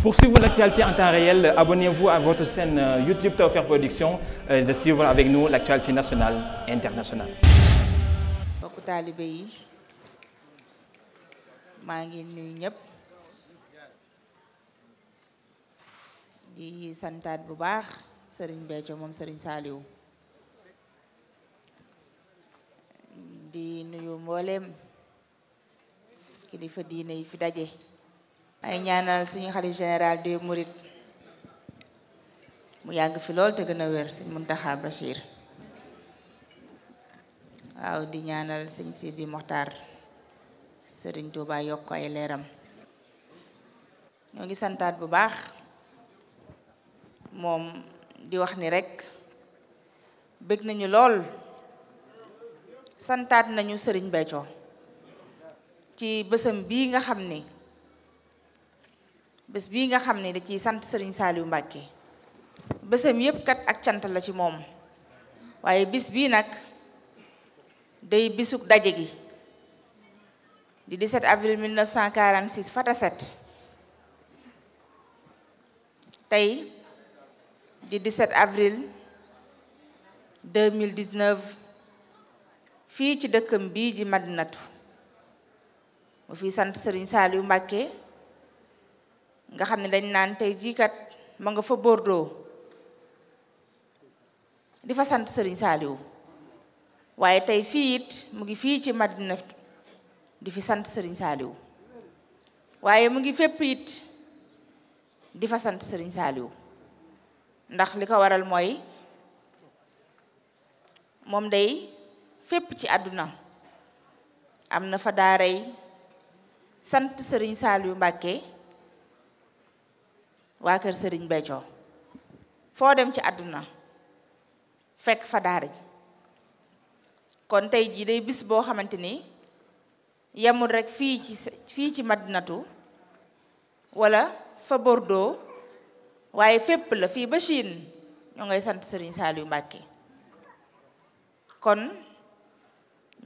Pour l'actualité en temps réel, abonnez-vous à votre chaîne euh, YouTube Tawfekh Production euh, et de suivre avec nous l'actualité nationale internationale. mbokk taalibe yi maa ngi nuyu ñëpp di santaat bu baax Serigne Béthio moom Serigne Saliou di nuyu mbooleem kilifa diine yi fi daje. ay ñaanal suñu xalif général de Mouride mu yàgg fi lool te gën a wér sëñ Muntaxa Bachir waaw di ñaanal sëñ Sidi Moxtaar sëriñ Touba yokk ay leeram ñoo ngi santaat bu baax moom di wax ni rekk bëgg nañu lool santaat nañu sëriñ Béthio ci bësam bi nga xam ni bés bii nga xam ne da ciy sant Serigne Saliou Mbacke bésam yépp kat ak cant la ci moom waaye bis bii nag day bisug daje gi di 17 avril 1946 fataset tey di 17 avril 2019 fii ci dëkkam bii ji Madinatu mu fi sant Serigne Saliou Mbacke nga xam ne dañ naan tey jiikat kat ma nga fa Bordeaux di fa sant Serigne Saliou waaye tey fii it mu ngi fii ci màddina di fi sant sëriñ Saliou waaye mu ngi fépp it di fa sant sëriñ Saliou ndax li ko waral mooy moom day fépp ci àdduna am na fa daaray sant Serigne Saliou Mbacke. waa kër sëriñ Béthio foo dem ci àdduna fekk fa daara ji kon tey jii dey bis boo xamante ni yemul rek fii ci fii ci Madinatu wala fa Bordeaux waaye fépp la fii ba Chine ñoo ngay sant sëriñ saal Saliou Mbacké kon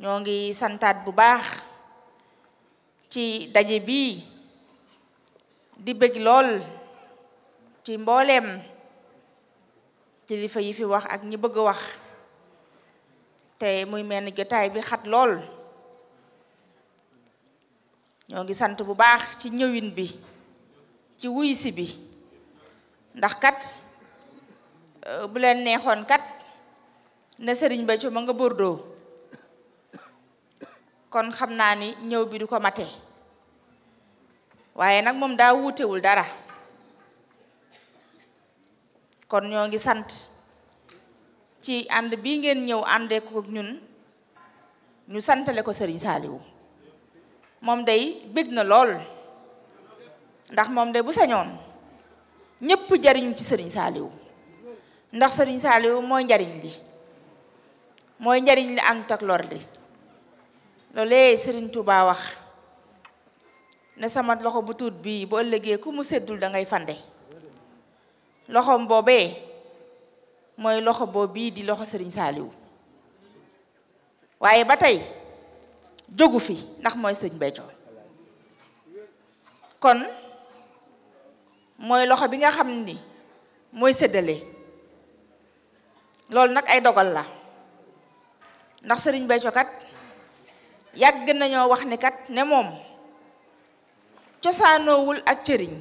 ñoo ngi santaat bu baax ci daje bi di bëgg lool ci mbooleem tilifa yi fi wax ak ñi bëgg wax te muy mel ni jotaay bi xat lool ñoo ngi sant bu baax ci ñëwin bi ci wuysi bi ndax kat euh, bu leen neexoon kat ne sëriñ Béthio ma nga Bordeaux kon xam naa ni ñëw bi du ko mate waaye nag moom daa wuutewul dara kon ñoo ngi sant ci ànd bii ngeen ñëw àndee ko ñun ñu santale ko sëriñ saaliwu moom dey bëgg na lool ndax moom day bu sañoon ñépp jariñu ci sëriñ saaliwu ndax sëriñ saaliwu mooy njariñ li mooy njariñ li ànd ak lor li loolee sëriñ Tuubaa wax ne sama loxo bu tuut bii bu ëllëgee ku mu seddul da ngay fande loxoom boobee mooy loxo boobu bii di loxo sëriñ Saliou waaye ba tey jógu fi ndax mooy sëñ Béthio kon mooy loxo bi nga xam ni mooy sëddale loolu nag ay dogal la ndax sëriñ Béthio kat yàgg nañoo wax ni kat ne moom cosaanoowul ak cëriñ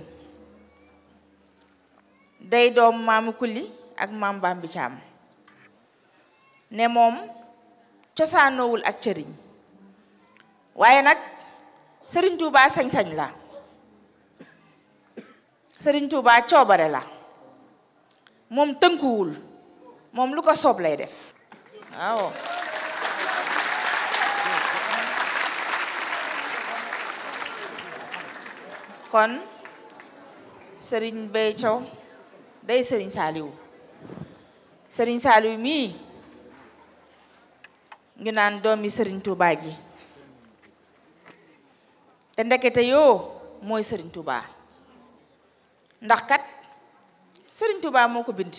day doom maamu kulli ak maam Bambi Caam ne moom cosaanoowul ak cëriñ waaye nag sëriñ Tuubaa sañ-sañ la sëriñ Tuubaa coobare la moom tënkuwul moom lu ko soob lay def waaw kon sëriñ Béthio day sëriñ saaliwu sëriñ saaliwu mii ngi naan doomi sëriñ tuubaa ji te ndekete yoo mooy sëriñ tuubaa ndax kat sëriñ tuubaa moo ko bind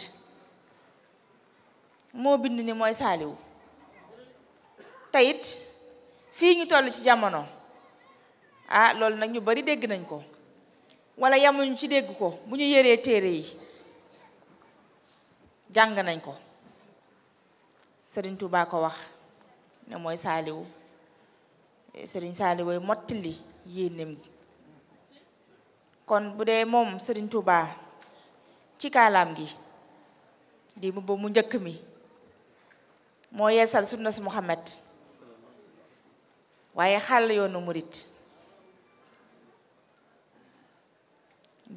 moo bind ni mooy saaliwu teyit fii ñu toll ci jamono ah loolu nag ñu bari dégg nañ ko walla yamuñu ci dégg ko bu ñu yëree téere yi jàng nañ ko sëriñ Touba ko wax ne mooy saaliwu sëriñ Saaliw motti li yéenem kon bu dee moom Serigne Touba ci kaalaam gi di mu ba mu njëkk mi moo yeesal sunna Muhammad waaye xàll yoonu murit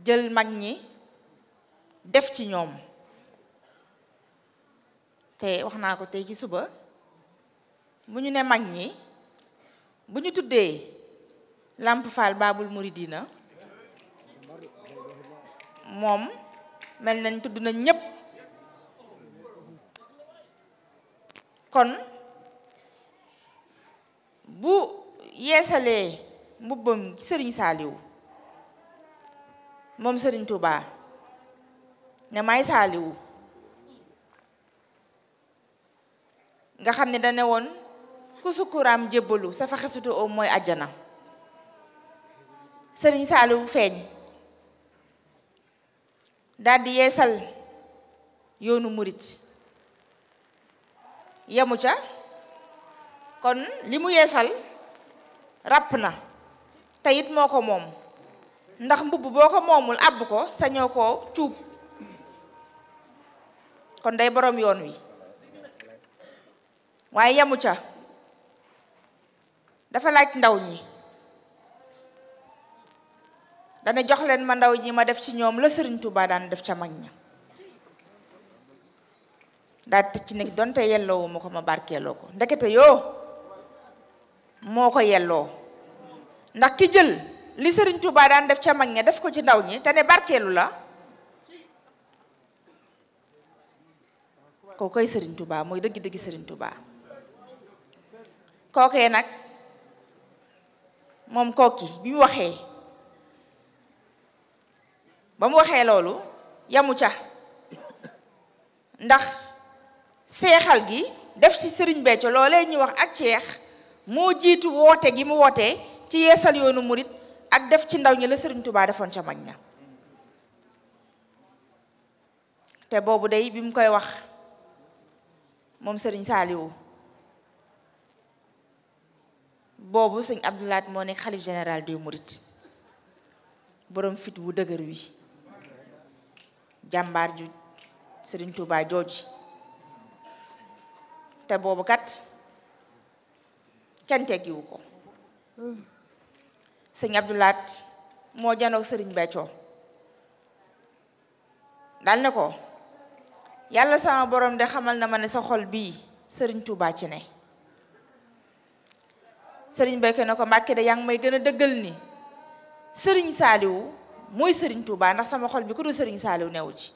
jël mag ñi def ci ñoom te wax naa ko tey ci suba bu ñu ne mag ñi bu ñu tuddee làmp Fall Baabul Muridina moom mel nañ tudd nañ ñépp kon bu yeesalee mbubbam sëriñ saaliw moom sëriñ Touba ne may saaliwu nga xam ne dane woon ku sukkuraam jébbalu sa fa xesutu om mooy àjjana sëriñ Saaliw feeñ daldi yeesal yoonu murit yemu ca kon li mu yeesal ràpp na te it moo ko moom ndax mbubb boo ko moomul àbb ko sañoo koo cuub kon day boroom yoon wi waaye yamu ca dafa laaj ndaw ñi dana jox leen ma ndaw ñi ma def ci ñoom la Sëriñ Tuubaa daan def ca mag ña daal tëj donte yelloowu ko ma barkeeloo ko ndekete yoo moo ko yelloo ndax ki jël Sëriñ Tuubaa def ca mag ña def ko ci ndaw ñi te ne barkeelu la koo koy Sëriñ Tuubaa mooy dëgg-dëgg Sëriñ Tuubaa kookee nag moom kooki bi mu waxee ba mu waxee loolu yamu ca ndax seexal gi def ci sëriñ Béthio loolee ñu wax ak ceex moo jiitu woote gi mu wootee ci yeesal yoonu murit ak def ci ndaw ñi la sëriñ Touba defoon ca mag ña te boobu dey bi mu koy wax moom sëriñ Saaliwu boobu sëñ Abdou Lahad moo nekk xalif général des Mourides boroom fit wu dëgër wi jàmbaar ju sëriñ Touba jooji te boobu kat kenn teggiwu ko sëñ Abdou moo janoog sëriñ Béthio dal ne ko yàlla sama boroom de xamal na ma ne sa xol bii sëriñ Touba ci ne sëriñ Mbacke na ko Mbacke de yaa ngi may gën a dëggal ni sëriñ Saliou mooy sëriñ tuubaa ndax sama xol bi ku dul sëriñ Saliou newu ci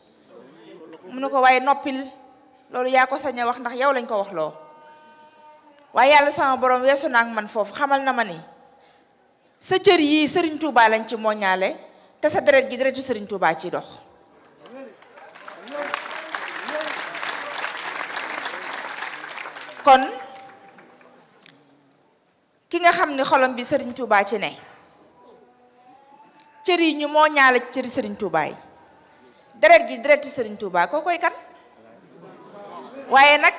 mu na ko waaye noppil loolu yaa ko sañ a wax ndax yow lañ ko wax loo waaye yàlla sama boroom weesu naa ak man foofu xamal na ma ni sa cër yii sëriñ Touba lañ ci moñaale te sa deret gi deretu sëriñ Touba ci dox kon ki nga xam ne xolam bi sëriñ Touba ci ne cër yi ñu moo ñaale ci cëri sëriñ Touba yi deret gi deretu sëriñ Touba koo koy kan waaye nag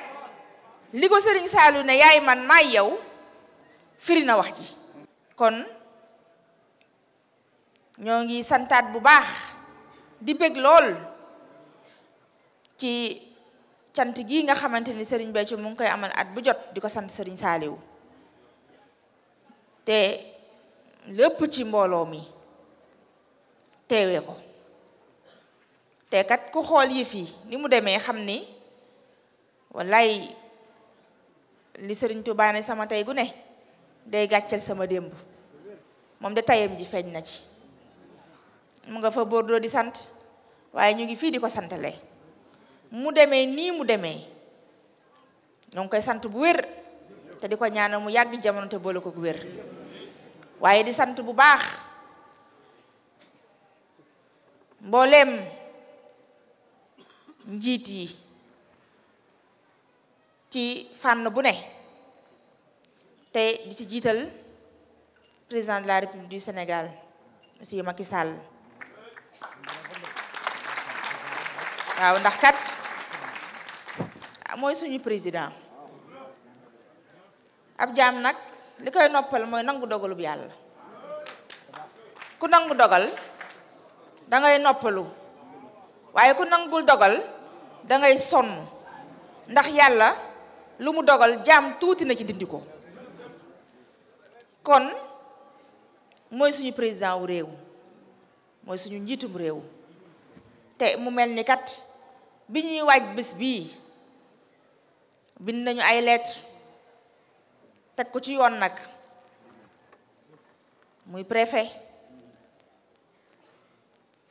li ko sëriñ Saalu ne yaay man maay yow firi na wax ji kon ñoo ngi santaat bu baax di bëgg lool ci cant gii nga xamante ni sëriñ Béthio mu ngi koy amal at bu jot di ko sant sëriñ Saaliwu te lépp ci mbooloo mi teewe ko te kat ku xool yi yi ni mu demee xam ni wallaay li sëriñ Tuubaa sama tey gu ne day gàcceel sama démb moom de tayam ji feeñ na ci mu nga fa Bordeaux di sant waaye ñu ngi fii di ko santale mu demee nii mu demee ñoo ngi koy sant bu wér te di ko ñaanal mu yàgg jamono te boole ko bu wér waaye di sant bu baax mbooleem njiit yi ci fànn bu ne te di ci jiital président de la république du Sénégal monsieur Macky Sall waaw ndax kat mooy suñu président ab jaam nag li koy noppal mooy nangu dogalub yàlla ku nangu dogal dangay noppalu waaye ku nangul dogal dangay sonn ndax yàlla lu mu dogal jaam tuuti na ci dindi ko kon mooy suñu président wu réew mooy suñu njiitum réew te mu mel ni kat bi ñuy waaj bis bii bind nañu ay lettre ko ci yoon nag muy préfet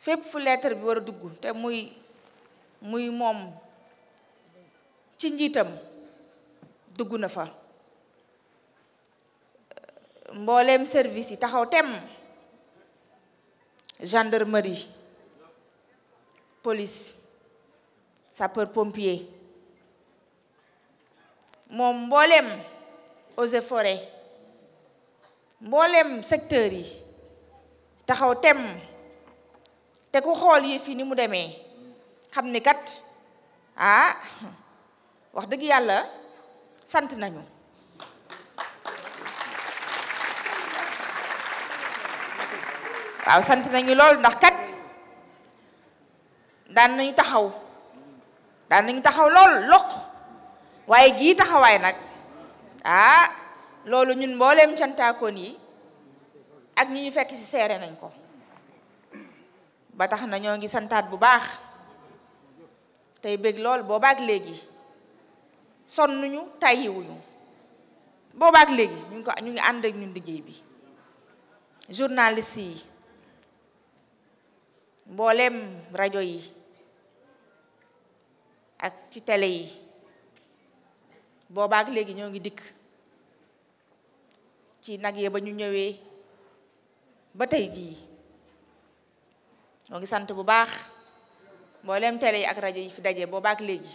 fépp fu lettre bi war a dugg te muy muy moom ci njiitam dugg na fa mbooleem service yi taxaw tem gendarmerie police sapeur pompier moom mbooleem eaux fore forêt mbooleem secteur yi taxaw tem te ku xool yi fi ni mu demee xam ni kat ah wax dëgg yàlla sant nañu waaw sant nañu lool ndax kat daan nañu taxaw daan nañu taxaw lool loq waaye gii taxawaay nag ah loolu ñun mbooleem cantaakoon yi ak ñi ñu fekk ci seere nañ ko ba tax na ñoo ngi santaat bu baax tey bëgg lool boobaak léegi sonnuñu tàyyiwuñu ak léegi ñu ngi ko ñu ngi ànd ak ñun liggéey bi journaliste yi mbooleem rajo yi ak ci télé yi boobaak léegi ñoo ngi dikk ci nag yee ba ñu ñëwee ba tey jii ñoo ngi sant bu baax mboolem télé yi ak rajo yi fi daje boobaak léegi